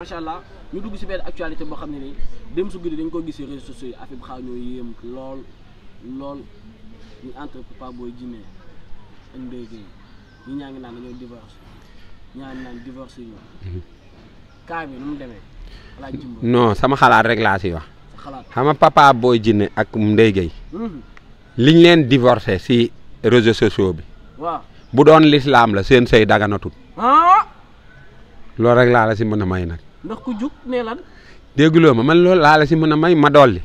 macha allah ñu dugg si benn actualité boo xam ne nii su guddi dañ ko gis si réseaux sociaux yi lool lool ñu entre Papa Boy ngi naan dañoo divorce mhm. non sama xalaat rek laa si wax xam nga Papa Boy jinne ak Ndeye Gueye mhm. liñ leen divorcé si réseaux sociaux bi waaw bu doon lislaam la seen sey daganatul ah! loolu rek laa la si mën may nag ndax ku jug nee lan. dégguloo ma man loolu laa la si mën a may ma dolli.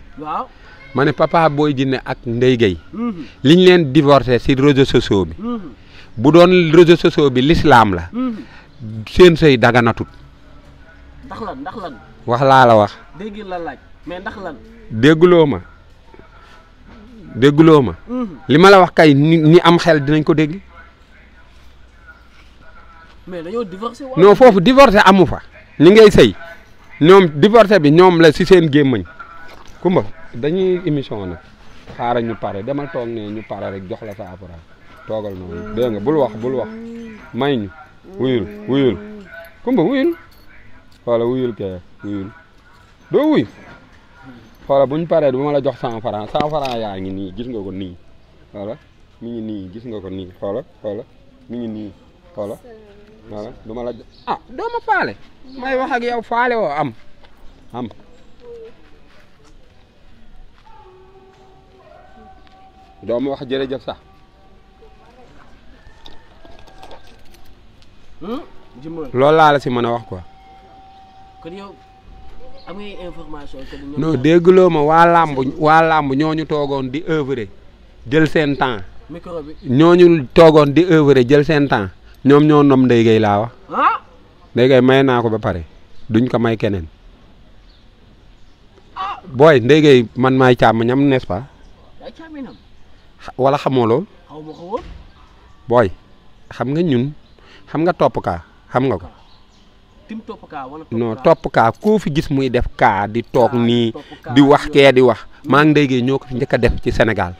ma ne papa booy jinne ak Ndeye Gueye. Mhm. liñ leen divorcé si réseaux sociaux bi. Mhm. bu doon réseaux sociaux bi lislaam la. Mhm. seen sëy daganatut. ndax lan wax laa la wax. dégg la laaj mais ndax lan. dégguloo ma dégguloo ma. li ma la wax kay ni ni am xel dinañ ko dégg. mais dañoo divorcé foofu divorcé amu fa. ñi ngay sey ñoom divorce bi ñoom la si seen gémmañ kumba dañuy émission nag xaaral ñu pare demal toog ne ñu pare rek jox la sa appareil toogal noonu dégg nga bul wax bul wax may ñu wuyul wuyul kumba wuyul xoola wuyul kee wuyul doo wuy xoola buñ paree du ma la jox cent franc cent franc yaa ngi nii gis nga ko nii xoola mi ngi nii gis nga ko nii xoola mi ngi nii xoola voilà du ma la ah may wax ak yow faale am am. wax jërëjëf sax. Hmm? loolu laa la si mën a wax ko kon yow information non déggloo ma waa làmb waa làmb ñooñu toogoon di œuvrer jël seen temps. micro bi ñooñu toogoon di œuvrer jël seen temps. ñoom ñoo nom Ndeye Gueye laa wax ah. Ndeye Gueye may naa ko ba pare duñ ko may keneen booy Ndeye Gueye man maay càmmiñam n'est-ce pas wala xamoo lool booy xam nga ñun xam nga topp kaa xam nga ko non topp kaa koo fi gis muy def kaa di toog nii di wax kee di wax maa ngi Ndeye Gueye ñoo ko fi njëkk a def ci senegal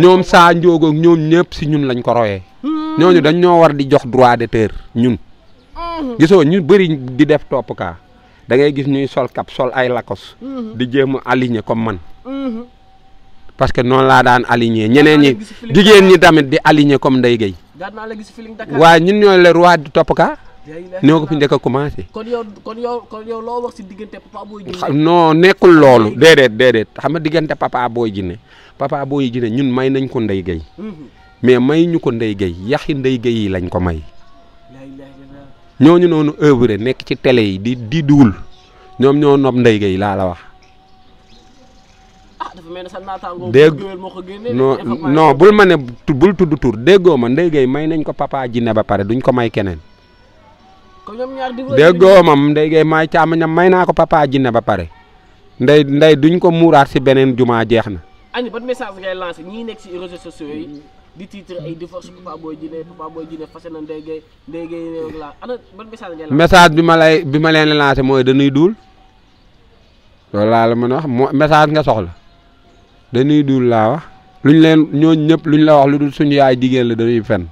ñoom saa njóog ak ñoom ñëpp si ñun lañ ko royee ñooñu dañ ñoo war di jox droit d'auteur ñun gisoo ñu bëri di def topp kaa da ngay gis ñuy sol cap sol ay lakkos di jéem a comme man parce que noonu laa daan aligner ñeneen ñi jigéen ñi tamit di aligner comme Ndeye Gueye waaye ñun ñooy le roi di topp kaa ni ma ko fi njëkk a commencé. kon yow kon loo wax si diggante papa booy jinne. non nekkul loolu déedéet déedéet xam nga diggante papa booy jinne papa booy jinne ñun may nañ ko ndey gay mm-hmm. mais may ñu ko ndey gay yaxi ndey gay yi lañ ko may. ñooñu noonu œuvre nekk ci télé yi di di duul ñoom ñoo nopp ndey gay laa la wax. Ah, dégg non non bul ma ne bul tudd tur déggoo ma ndey gay may nañ ko papa jinne ba pare duñ ko may keneen. déggoo mam ndey gay maay càmmañam may naa ko papa jinne ba pare ndey ndey duñ ko muuraat si beneen jumaa jeex na ani ban message ngay nekk si réseaux sociaux yi di message bi ma lay bi ma leen lancé mooy dañuy duul loolu laa la mën a wax mo message nga soxla danuy duul laa wax luñ leen ñooñ ñëpp luñ la wax lu dul suñu yaay jigéen la dañuy fen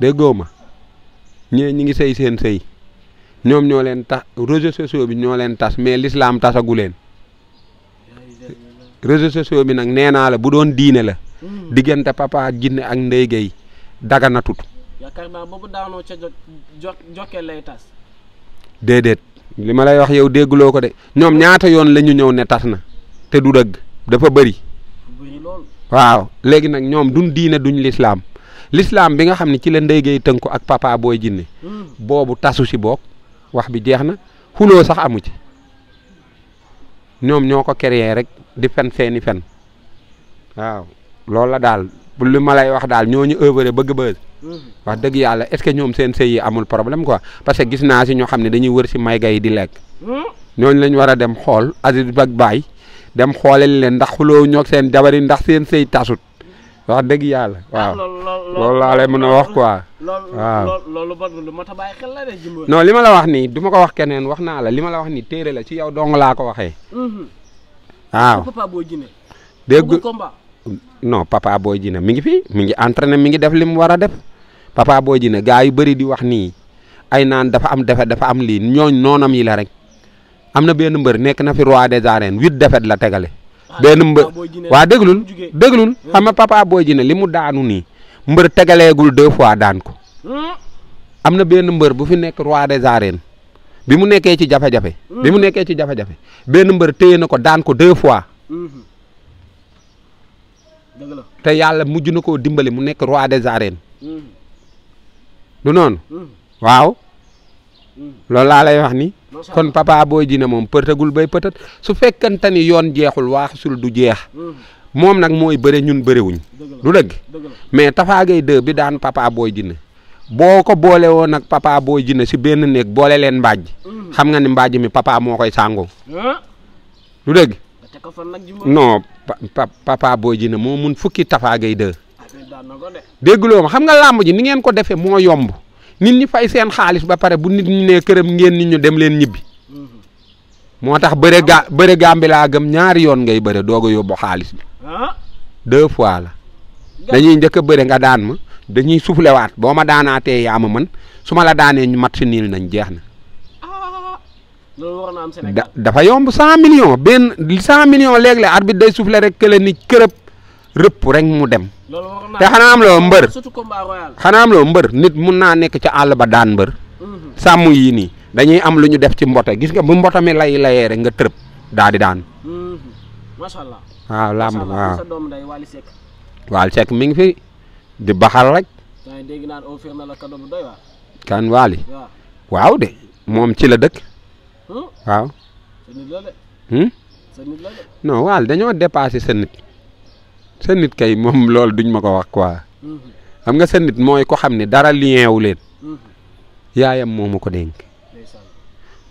déggoo ma ñee ñi ngi sëy seen sëy ñoom ñoo leen tas réseaux sociaux bi ñoo leen tas mais lislaam tasagu leen réseaux sociaux bi nag nee naa la bu doon diine la hmm. diggante papa jinne ak ndey gay dagana tut yaakaar naa boobu ca jokkee lay tas déedéet li ma lay wax yow dégguloo ko de ñoom ñaata yoon lañu ñëw ne tas na te du dëgg dafa bëri waaw léegi nag ñoom duñ diine duñ lislaam lislaam bi nga xam ne ci la ndey gay tënku ak papaa booy jinne hmm. boobu tasu si boog wax bi jeex na xuloo sax amu ci ñoom ñoo ko créé rek di fen seeni fen waaw loolu la daal bu li ma lay wax daal ñoo ñu œuvré bëgg bëgg hmm. wax dëgg yàlla est-ce que ñoom seen sëy yi amul problème quoi parce que gis naa si ñoo xam ne dañuy wër si mayga yi di lekk hmm. ñooñu lañu war a dem xool Aziz bak baay dem xooleel leen ndax xuloo ñoo seen jabar yi ndax seen sëy tasut wax dëgg yàlla. Ah, waaw loolu laa lay mën a wax quoi. waaw mat a bàyyi la de Jimbo. non li ma la wax nii du ko wax keneen wax naa la li ma la wax nii téere la ci yow dong laa ko waxee. Mhm. waaw papa boo jine. dégg non papa boo jine mi ngi fi mi ngi entraîné mi ngi def li mu war a def papa boo jine gaa yu bëri di wax nii ay naan dafa am defet dafa am lii ñooñ noonam yi la rek am na benn mbër nekk na fi roi des arènes huit defet la tegale. benn mbër waa déglul déglul hmm. xam nga papa booy ji ne li mu daanu nii mbër tegaleegul deux fois daan ko hmm. am na benn mbër bu fi nekk roi de arènes bi mu nekkee ci jafe-jafe bi mu hmm. nekkee ci jafe-jafe benn mbër téye na ko daan ko deux fois te yàlla mujj na ko dimbali mu nekk roi des arènes du noonu waaw loolu laa lay wax ni kon papa booy dina moom përtagul bay pëtat su fekkante ni yoon jeexul waaxusul du jeex mm-hmm. moom nag mooy bëre ñun bëriwuñ du dëgg mais tafaagay dë bi daan papa booy dina boo ko boole woon ak papa booy dina si benn néeg boole leen mbaaj mm. xam nga ni mbaaj mi papa moo koy sàngoo ah. du dëgg non papa booy dina moo mun fukki tafaagay dë dégguloo ma xam nga làmb ji ni ngeen ko defee moo yomb nit ñi fay seen xaalis ba pare bu nit ñi nee këram ngeen nit ñu dem leen ñibbi mhm. moo tax bëre ga bëre gàmbi laa gëm ñaari yoon ngay bëre doog a yóbbu xaalis bi ah. deux fois la dañuy njëkk a bëre nga daan ma dañuy suflewaat boo ma daanaatee yaa ma man su ma la daanee ñu mat si niil nañ jeex na. Ah. dafa yomb cent million benn cent millions léeg-léeg arbitre day soufflé rek kële ni kërëb rëpp rek mu dem te xanaa am loo mbër xanaa am loo mbër nit mun naa nekk ca àll ba daan mbër mhm. sàmm yii nii dañuy am lu ñu def ci mbote gis nga bu mbote mi lay layee rek nga tërëb daa di daan mhm. macha allah waaw làmb waaw mi ngi fi baxal rek kan waali waaw de moom ci la dëkk hmm? waaw hmm? non waal dañoo dépassé sa nit seen nit kay moom loolu duñ ma ko wax quoi mm-hmm. xam nga seen nit mooy ko xam ne dara lien wu leen mm-hmm. yaayam moo ma ko dénk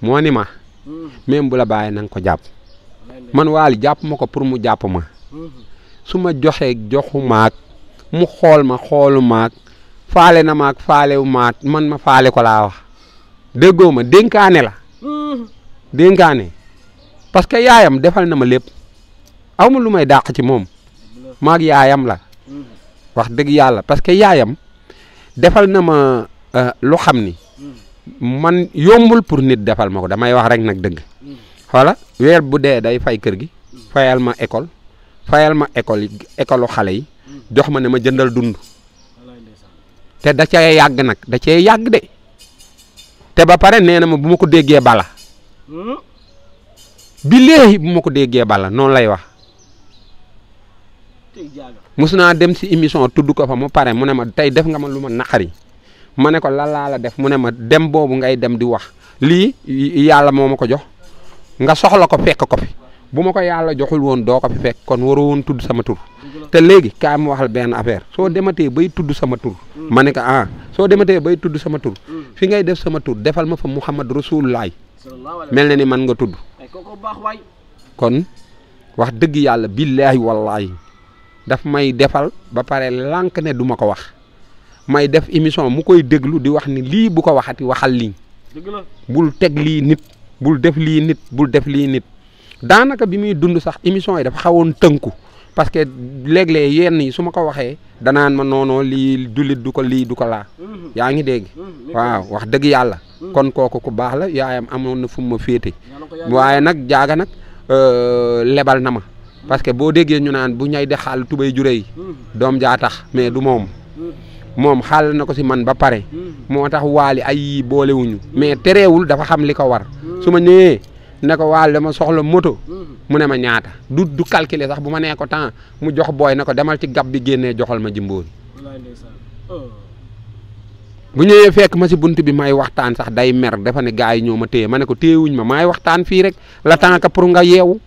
moo ni ma mm-hmm. même bu la bàyyi na ko jàpp man waali jàpp ma ko pour mu jàpp ma su ma joxee joxu maag mu xool ma xoolu maag faale na maag faalewu maag man ma faale ko laa wax déggoo ma dénkaane la dénkaane parce que yaayam defal na ma lépp aw ma lu may dàq ci moom maag yaayam la wax dëgg yàlla parce que yaayam defal na ma euh, lu xam ni man yombul pour nit defal ma ko damay wax rek nag dëgg xoola weer bu dee day fay kër gi fayal ma école fayal ma école xale yi jox ma ne ma jëndal dund te da ca yàgg nag da cee yàgg de te ba pare nee na ma bu ma ko déggee bala hmm? bi léegi bu ma ko déggee bala noonu lay wax mus naa dem si émission tudd ko fa mu pare mu ne ma tey def nga ma lu ma naqari ma ne ko lan laa la def mu ne ma dem boobu ngay dem di wax lii yàlla moo ma ko jox nga soxla ko fekk ko fi bu ma ko yàlla joxul woon doo ko fi fekk kon waroo woon tudd sama tur te léegi kaa mu waxal benn affaire soo dematee bay tudd sama tur ma ne ko ah, soo dematee bay tudd sama tur fi ngay def sama tur defal ma fa Muhammad Rasulullaay mel na ni man nga tudd kon wax dëgg yàlla billaahi wallaahi daf may defal ba pare lànk ne duma ko wax may def émission mu koy déglu di wax ni lii bu ko waxati waxal lii bul teg lii nit bul def lii nit bul def lii nit daanaka bi muy dund sax émission yi dafa xawoon tënku parce que léeg yenn yi su ma ko waxee danaan ma noonoo lii jullit du ko lii du ko laa mhm. yaa ngi dégg mhm, waaw wax dëgg yàlla mhm. kon kooku ku baax la yaayam amoon na fu ma féete waaye nag jaaga nag euh, lebal na ma parce que boo déggee ñu naan bu ñay de xaal tubay ju yi doom jaa tax mais du moom moom xaal na ko si man ba pare moo tax waali ay yii boolewuñu mais tereewul dafa xam li ko war su ma ñëwee ne ko waal dama soxla moto mu ne ma ñaata du du calculer sax bu ma nee ko temps mu jox booy na ko demal ci gab bi génnee joxal ma jimboori bu ñëwee fekk ma si bunt bi may waxtaan sax day mer dafa ne gars yi ñoo ma téye ma ne ko téyewuñ ma maay waxtaan fii rek la temps que pour nga yeewu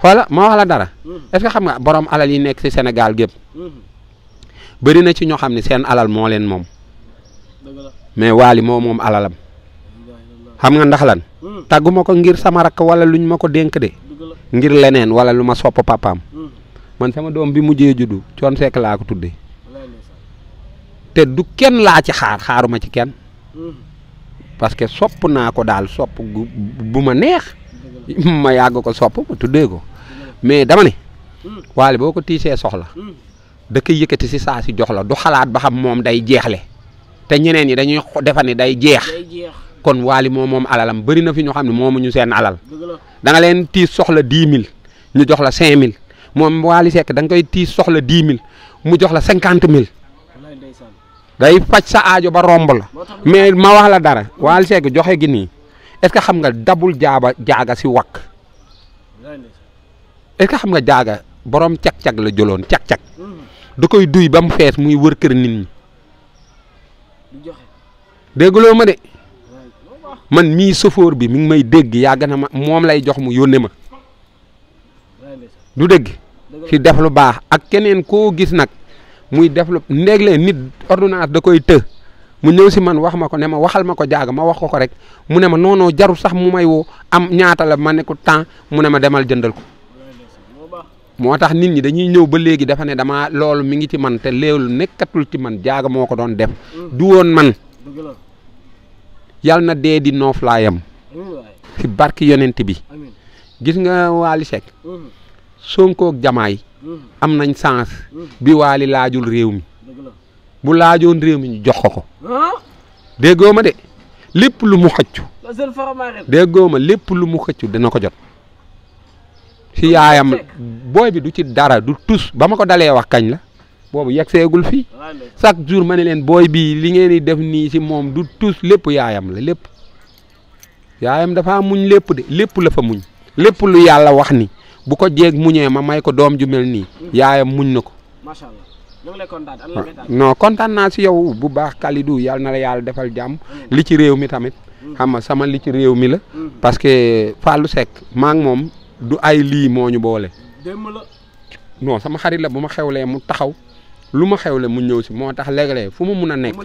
xoola ma wax la dara mm-hmm. est xam nga borom alal yi nekk ci Sénégal gépp mm-hmm. bëri na ci ñoo xam ne seen alal moo leen moom mais waali moo moom alalam xam nga ndax lan mm-hmm. tàgguma ko ngir sama rakk wala luñ ma ko dénk de ngir leneen wala lu ma sopp papaam man sama doom bi mujjee juddu coon sekk laa ko tudde te du kenn laa ci xaar xaaruma ci kenn parce que sopp naa ko daal sopp bu ma neex ma yàgg ko sopp ma tuddee ko mais dama ne hmm. waale boo ko tiisee soxla hmm. da koy yëkkati si saa si jox la du xalaat ba xam moom day jeexle te ñeneen yi dañuy defa ne day jeex kon waali moom moom alalam bëri na fi ñu xam ne moomuñu seen alal danga leen tiis soxla dix mille ñu jox la cinq mille moom waali sekk da nga koy tiis soxla dix mille mu jox la cinquante mille day faj sa aajo ba romb la mais ma wax la dara waali sekk joxe gi nii est-ce xam nga dabul jaaba jaaga si wakk est xam nga jaaga borom cag-cag la jëloon cag-cag da koy duy ba mu fees muy wër kër nit ñi déggloo ma de man mii sofoor bi mi ngi may dégg yàgg na ma moom lay jox mu yónnee ma du dégg ci def lu baax ak keneen koo gis nag muy def lu ndéeg nit ordonnance da koy të mu ñëw si man wax ma ko ne ma waxal ma ko jaaga ma wax ko ko rek mu ne ma noonoo jarul sax mu may woo am ñaata la ma ne ko temps mu ne ma demal jëndal ko moo tax nit ñi dañuy ñëw ba léegi dafa ne damaa loolu mi ngi ci man te léewlu nekkatul ci man jaaga moo ko doon def mm. du woon man yal na dee di nooflaayam laayam mm, ci barki yonent bi gis nga Wally Seck mm. sonkook ak Diomaye am nañ sens bi Wally laajul réew mi bu laajoon réew mi ñu jox ko ko ah? déggoo ma de lépp lu mu xëccu déggoo ma lépp lu mu xëccu dina ko jot si yaayam booy bi du ci dara du tus ba ma ko dalee wax kañ la boobu yegg seegul fi chaque jour ma ne leen booy bii li ngeen di def nii si moom du tus lépp yaayam la lépp yaayam dafa muñ lépp de lépp la fa muñ lépp lu yàlla wax ni bu ko jeeg muñee ma may ko doom ju nii mm. yaayam muñ na ko macha allah ah, non kontaan naa si yow bu baax Kalidou yàlla na la yàlla defal jàmm mm. li ci réew mi tamit mm. xam sama li ci réew mi la parce que Fallou Seck maa moom du ay lii moo ñu boole. non sama xarit la bu ma xewlee mu taxaw lu ma xewle mu ñëw si moo tax léeg fu ma mun a nekk.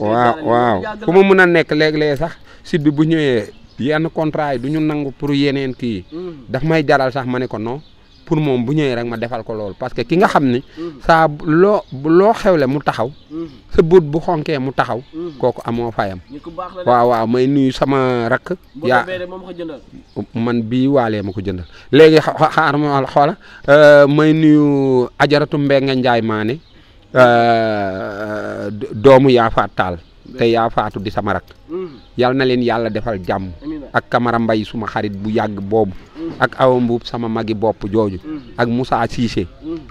waaw waaw fu ma mun a nekk léeg sax site bi bu ñëwee yenn contrat yi du ñu nangu pour yeneen kii. Mm. daf may jaral sax ma ne ko non. pour moom bu ñëwee rek ma defal ko loolu parce que ki nga xam ni. saa loo loo xewle mu taxaw. sa but bu xonkee mu taxaw. kooku amoo fayam. waaw waaw may nuyu sama rakk. yaa man bii waalee ma ko jëndal. léegi xaar ma wàll xoola euh, may nuyu ajaratu Mbengue Ndiaye maane euh, doomu Yaafa Taal. te yaa faatu di sama rak mm. yal na leen yàlla defal jàmm ak Kamara Mbay suma xarit bu yàgg boobu mm. ak Awa Mbuub sama magi bopp jooju mm. ak Moussa Cissé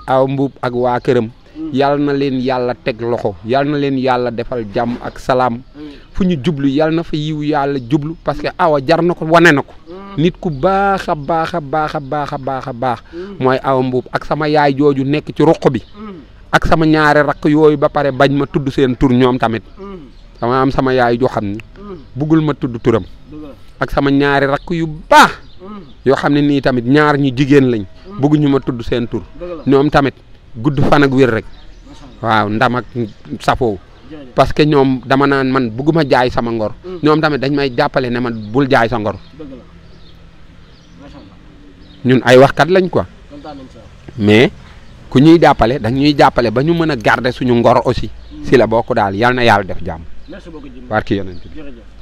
Awa Mbuub ak waa këram yal na leen yàlla teg loxo yal na leen yàlla defal jàmm ak salaam fu ñu jublu yal na fa yiw yàlla jublu parce que awa jar na ko wane na ko nit ku baax a baax a baax a baax a baax a baax mooy Awa Mbuub ak sama yaay jooju nekk ci ruq bi ak sama ñaari rakk yooyu ba pare bañ ma tudd seen tur ñoom tamit dama am sama yaay joo xam ni mm. buggul ma tudd turam ak sama ñaari rakk yu baax mm. yoo xam ne nii tamit ñaar ñu jigéen lañ mm. bëgguñu ma tudd seen tur ñoom tamit gudd fan ak wér rek waaw ndamak ak safoo parce que ñoom dama naan man bëgguma jaay sama ngor ñoom tamit dañ may jàppale ne ma bul jaay sa ngor ñun ay waxkat lañ ko mais ku ñuy jàppale dañ ñuy jàppale ba ñu mën a garder suñu ngor aussi si la bokk daal yal na yàlla def jàmm merci beaucoup barki yonent bi jërëjëf